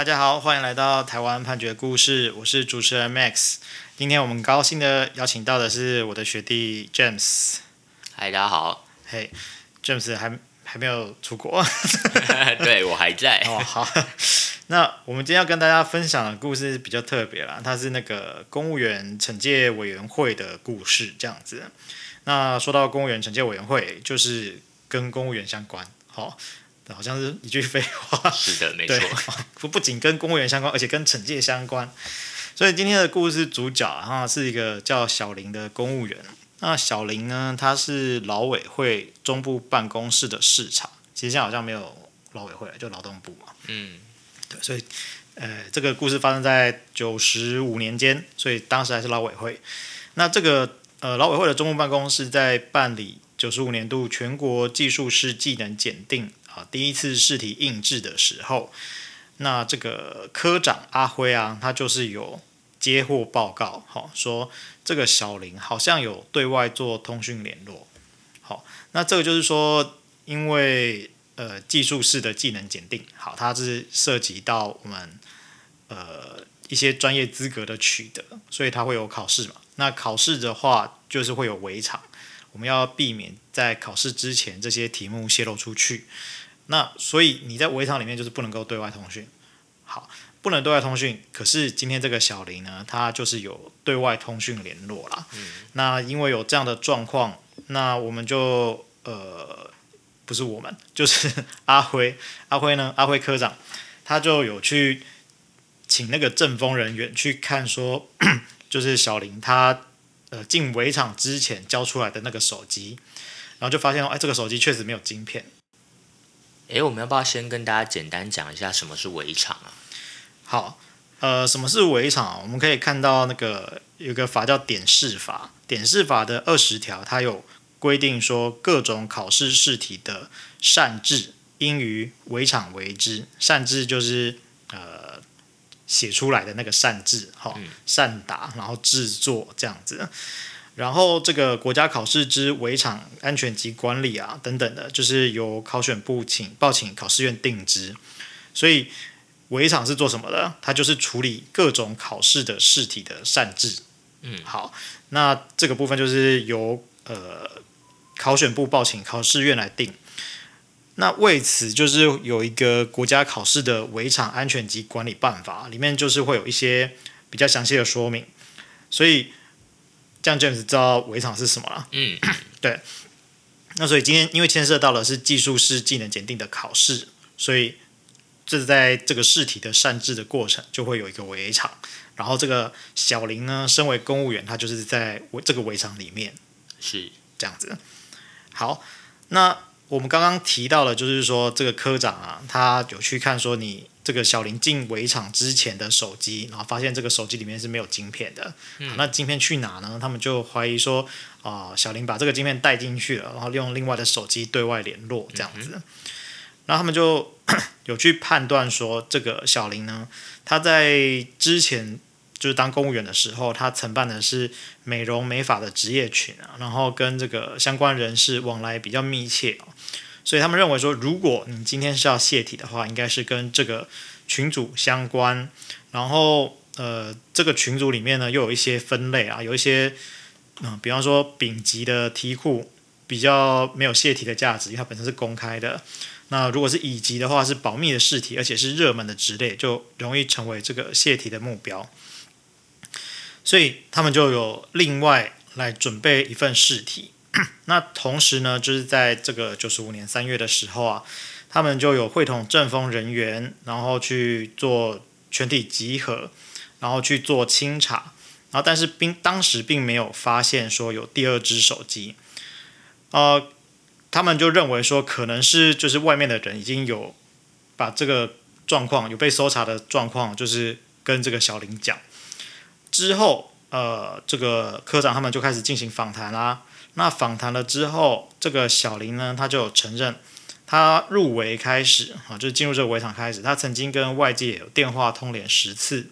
大家好，歡迎來到台灣判決故事，我是主持人 Max。今天我們高興的邀請到的是我的學弟 James。Hi, 大家好，嘿、hey，James 還還沒有出國， 對，我還在。哦、oh，好。 那我們今天要跟大家分享的故事比較特別啦，它是那個公務員懲戒委員會的故事這樣子。那說到公務員懲戒委員會，就是跟公務員相關，好、oh。好像是一句廢話，是的，沒錯。對，不僅跟公務員相關，而且跟懲戒相關。所以今天的故事主角，啊，是一個叫小林的公務員。那小林呢，他是勞委會中部辦公室的視察，其實現在好像沒有勞委會了，就勞動部嘛。嗯，對。所以，呃，這個故事發生在九十五年間，所以當時還是勞委會。那這個呃，勞委會的中部辦公室在辦理九十五年度全國技術士技能檢定。啊，第一次試題印制的時候，那這個科長阿輝啊，他就是有接獲報告，好，說這個小林好像有對外做通訊聯絡，好，那這個就是說，因為呃技術士的技能檢定，好，它是涉及到我們呃一些專業資格的取得，所以他會有考試嘛，那考試的話就是會有闈場。我們要避免在考試之前這些題目泄露出去。那所以你在闈場裡面就是不能夠對外通訊。好，不能對外通訊。可是今天這個小林呢，他就是有對外通訊聯絡啦。嗯。那因為有這樣的狀況，那我們就呃，不是我們，就是阿輝。阿輝呢，阿輝科長，他就有去請那個政風人員去看說，說就是小林他。呃，進闈場之前交出來的那個手機，然後就發現哦，哎，這個手機確實沒有晶片。誒，我們要不要先跟大家簡單講一下什麼是闈場啊？好，呃，什麼是闈場？我們可以看到那個有個法叫典試法，典試法的二十條，它有規定說各種考試試題的繕製應於闈場為之，繕製就是呃。寫出來的那個繕製好，繕打、然後製作這樣子，然後這個國家考試之闈場安全及管理啊等等的，就是由考選部請報請考試院定制。所以闈場是做什麼的？它就是處理各種考試的試題的繕製。嗯，好，那這個部分就是由呃考選部報請考試院來定。那為此就是有一個國家考試的闈場安全及管理辦法，裡面就是會有一些比較詳細的說明，所以這樣 James 知道闈場是什麼了。嗯，對。那所以今天因為牽涉到了是技術士技能檢定的考試，所以這在這個試題的繕製的過程就會有一個闈場，然後這個小林呢，身為公務員，他就是在闈這個闈場裡面，是這樣子。好，那。我們剛剛提到了，就是說這個科長啊，他有去看說你這個小林進闈場之前的手機，然後發現這個手機裡面是沒有晶片的，嗯啊、那晶片去哪呢？他們就懷疑說，啊、呃，小林把這個晶片帶進去了，然後用另外的手機對外聯絡這樣子。嗯，然後他們就 有去判斷說，這個小林呢，他在之前。就是當公務員的時候，他承辦的是美容美髮的職業群啊，然後跟這個相關人士往來比較密切啊，所以他們認為說，如果你今天是要洩題的話，應該是跟這個群組相關，然後呃，這個群組裡面呢，又有一些分類啊，有一些嗯、呃，比方說丙級的題庫比較沒有洩題的價值，因為它本身是公開的，那如果是乙級的話，是保密的試題，而且是熱門的職類，就容易成為這個洩題的目標。所以他們就有另外來準備一份試題。那同時呢，就是在這個九十五年三月的時候啊，他們就有會同政風人員，然後去做全體集合，然後去做清查。然後但是並當時並沒有發現說有第二支手機。呃，他們就認為說可能是就是外面的人已經有把這個狀況，有被搜查的狀況，就是跟這個小林講。之後，呃，這個科長他們就開始進行訪談啦，啊。那訪談了之後，這個小林呢，他就有承認，他入圍開始啊，就是進入這個圍場開始，他曾經跟外界有電話通聯十次。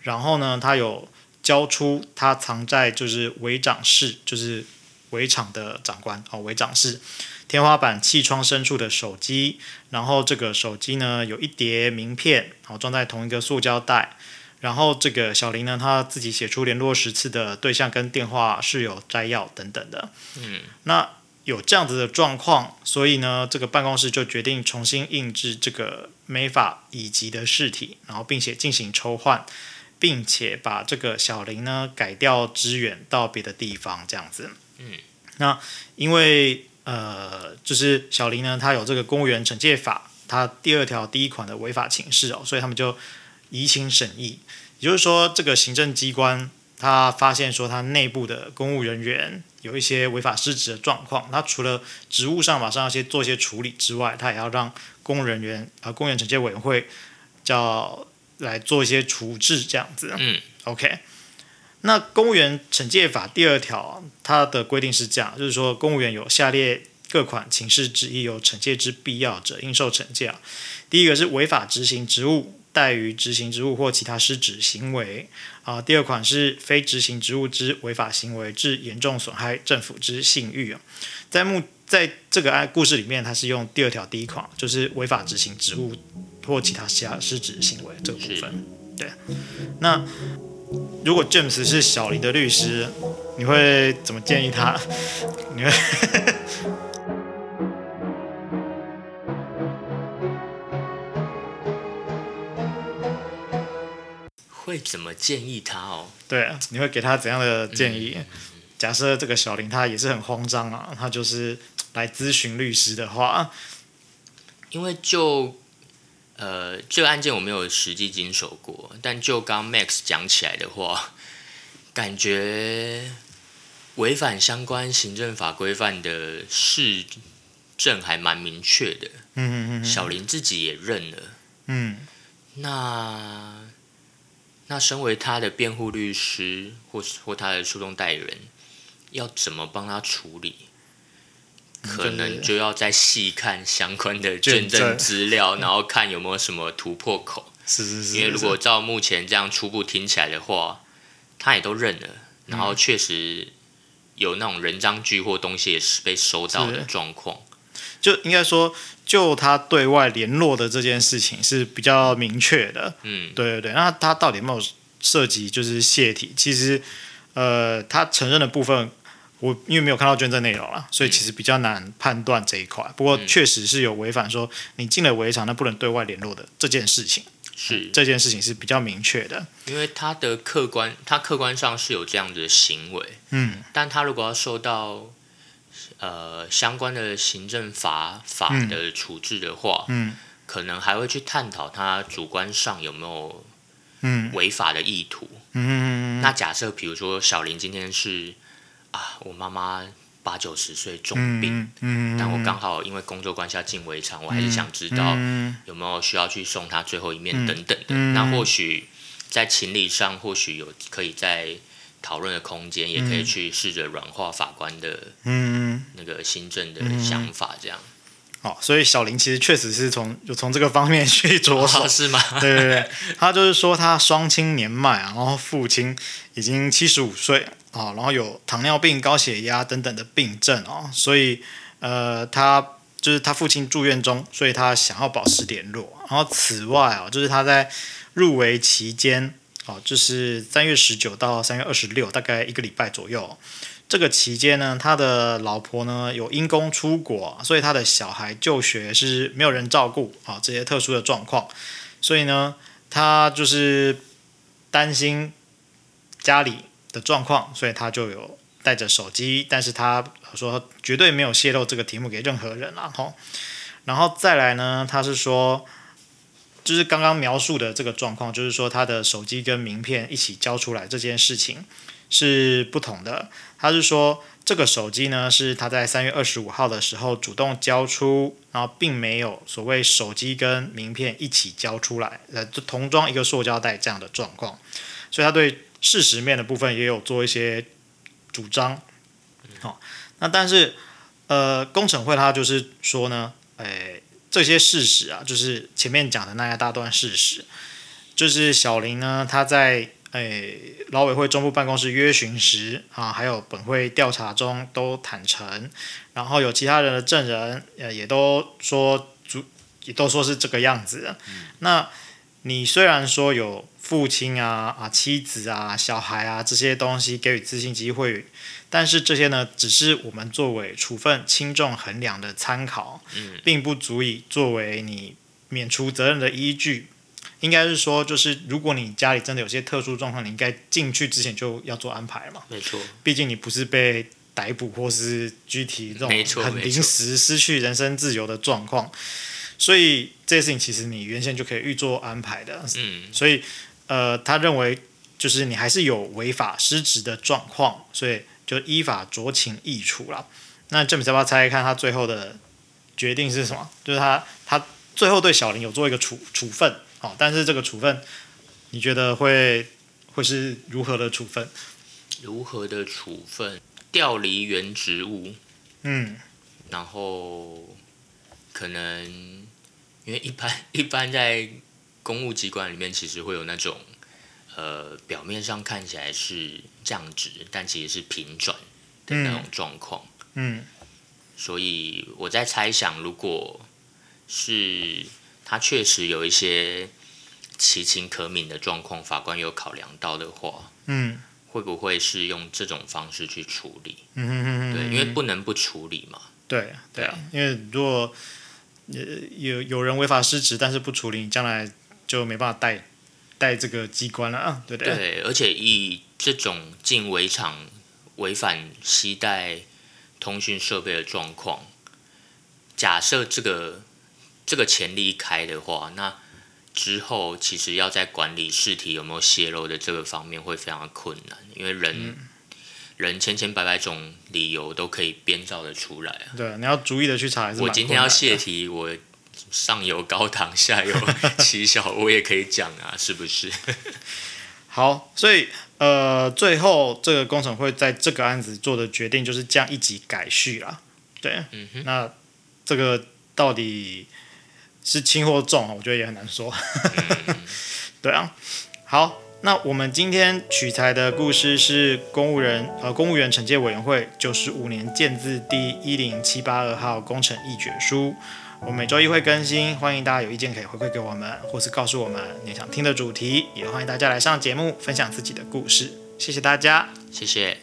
然後呢，他有交出他藏在就是圍場室，就是圍場的長官啊，圍場室天花板氣窗深處的手機。然後這個手機呢，有一疊名片，好裝在同一個塑膠袋。然後這個小林呢，他自己寫出聯絡十次的對象跟電話是有摘要等等的。嗯，那有這樣子的狀況，所以呢，這個辦公室就決定重新印製這個美髮乙級的試題，然後並且進行抽換，並且把這個小林呢改掉，支援到別的地方這樣子。嗯，那因為呃，就是小林呢，他有這個公務員懲戒法他第二條第一款的違法情事哦，所以他們就。移情審議，也就是說，這個行政機關他發現說他內部的公務人員有一些違法失職的狀況，他除了職務上馬上要先做一些處理之外，他也要讓公務人員啊、呃，公務員懲戒委員會叫來做一些處置，這樣子。嗯，OK。那《公務員懲戒法》第二條，它的規定是這樣，就是說，公務員有下列各款情事之一，有懲戒之必要者，應受懲戒。第一個是違法執行職務。怠於執行職務或其他失職行為，啊、呃，第二款是非執行職務之違法行為致嚴重損害政府之信譽啊，在目在這個案故事裡面，它是用第二條第一款，就是違法執行職務或其他其他失職行為這個部分。對，那如果詹姆斯是小林的律師，你會怎麼建議他？你會？ 會怎麼建議他哦？對啊，你會給他怎樣的建議？嗯嗯。假設這個小林他也是很慌張啊，他就是來諮詢律師的話，因為就呃這個案件我沒有實際經手過，但就剛，剛 Max 講起來的話，感覺違反相關行政法規範的事證還蠻明確的。嗯嗯嗯，小林自己也認了。嗯，那。那身為他的辯護律師或、或是或他的訴訟代理人，要怎麼幫他處理？可能就要再細看相關的卷證資料，然後看有沒有什麼突破口。是是是是，因為如果照目前這樣初步聽起來的話，他也都認了，然後確實有那種人贓俱獲，東西也是被收到的狀況。就應該說，就他對外聯絡的這件事情是比較明確的，嗯，對對對。那他到底有沒有涉及就是洩題？其實，呃，他承認的部分，我因為沒有看到捐贈內容了，所以其實比較難判斷這一塊，嗯。不過確實是有違反說你進了闈場，那不能對外聯絡的這件事情，是，嗯嗯、這件事情是比較明確的，因為他的客觀，他客觀上是有這樣子的行為，嗯，但他如果要受到。呃，相關的行政法法的處置的話，嗯、可能還會去探討他主觀上有沒有違法的意圖。嗯，嗯，嗯，那假設比如說小林今天是啊，我媽媽八九十歲重病，嗯嗯嗯，但我剛好因為工作關係要進闈場，我還是想知道有沒有需要去送他最後一面等等的。嗯嗯嗯，那或許在情理上，或許有可以在討論的空間，也可以去試着軟化法官的嗯那個心證的想法，這樣、嗯嗯嗯嗯。哦，所以小林其實確實是從從這個方面去着手、哦，是嗎？對對對，他就是說他雙親年邁、啊、然後父親已經七十五歲啊，然後有糖尿病、高血壓等等的病症啊、哦，所以呃，他就是他父親住院中，所以他想要保持聯絡。然後此外哦、啊，就是他在入闈期間。好、哦，就是三月十九到三月二十六，大概一個禮拜左右。這個期間呢，他的老婆呢有因公出國，所以他的小孩就學是沒有人照顧好，這些特殊的狀況。所以呢，他就是擔心家裡的狀況，所以他就有帶着手機，但是他說絕對沒有泄露這個題目給任何人了吼，然後再來呢，他是說。就是剛剛描述的這個狀況，就是說他的手機跟名片一起交出來這件事情是不同的。他是說這個手機呢是他在三月二十五號的時候主動交出，然後並沒有所謂手機跟名片一起交出來，呃，就同裝一個塑膠袋這樣的狀況。所以他對事實面的部分也有做一些主張。好，那但是呃，公懲會他就是說呢，誒。這些事實啊，就是前面講的那一大段事實，就是小林呢，他在誒、欸、勞委會中部辦公室約詢時啊，還有本會調查中都坦承，然後有其他人的證人，呃，也都說主也都說是這個樣子的、嗯、那。你雖然說有父親啊啊妻子啊小孩啊這些東西給予自信機會，但是這些呢，只是我們作為處分輕重衡量的參考，嗯，並不足以作為你免除責任的依據。應該是說，就是如果你家裡真的有些特殊狀況，你應該進去之前就要做安排嘛。沒錯，畢竟你不是被逮捕或是具體這種很臨時失去人身自由的狀況，所以。這件事情其實你原先就可以預做安排的，嗯，所以，呃，他認為就是你還是有違法失職的狀況，所以就依法酌情議處了。那 James，要不要猜一看他最後的決定是什麼？就是他他最後對小林有做一個處處分，哦，但是這個處分，你覺得會會是如何的處分？如何的處分？調離原職務，嗯，然後可能。因為一般一般在公務機關裡面，其實會有那種呃表面上看起來是降職，但其實是平轉的那種狀況。嗯。嗯，所以我在猜想，如果是他確實有一些其情可憫的狀況，法官有考量到的話，嗯，會不會是用這種方式去處理？嗯哼哼哼，對，因為不能不處理嘛。對啊，對啊，因為如果有有人違法失職，但是不處理，將來就沒辦法帶帶這個機關了啊，對不對？對，而且以這種進闈場，違反攜帶通訊設備的狀況，假設這個這個前例一開的話，那之後其實要在管理試題有沒有洩露的這個方面會非常困難，因為人，嗯人千千百百,百種理由都可以編造的出來啊！對，你要逐一的去查一下。我今天要洩題，我上有高堂， 下有妻小，我也可以講啊， 是不是？好，所以呃，最後這個公懲會在這個案子做的決定，就是將一級改敘了。對、嗯，那這個到底是輕或重我覺得也很難說。嗯、 對啊，好。那我們今天取材的故事是公務人呃公務員懲戒委員會九十五年鑑字第一零七八二號公懲議決書。我每周一會更新，歡迎大家有意見可以回饋給我們，或是告訴我們你想聽的主題，也歡迎大家來上節目分享自己的故事。謝謝大家，謝謝。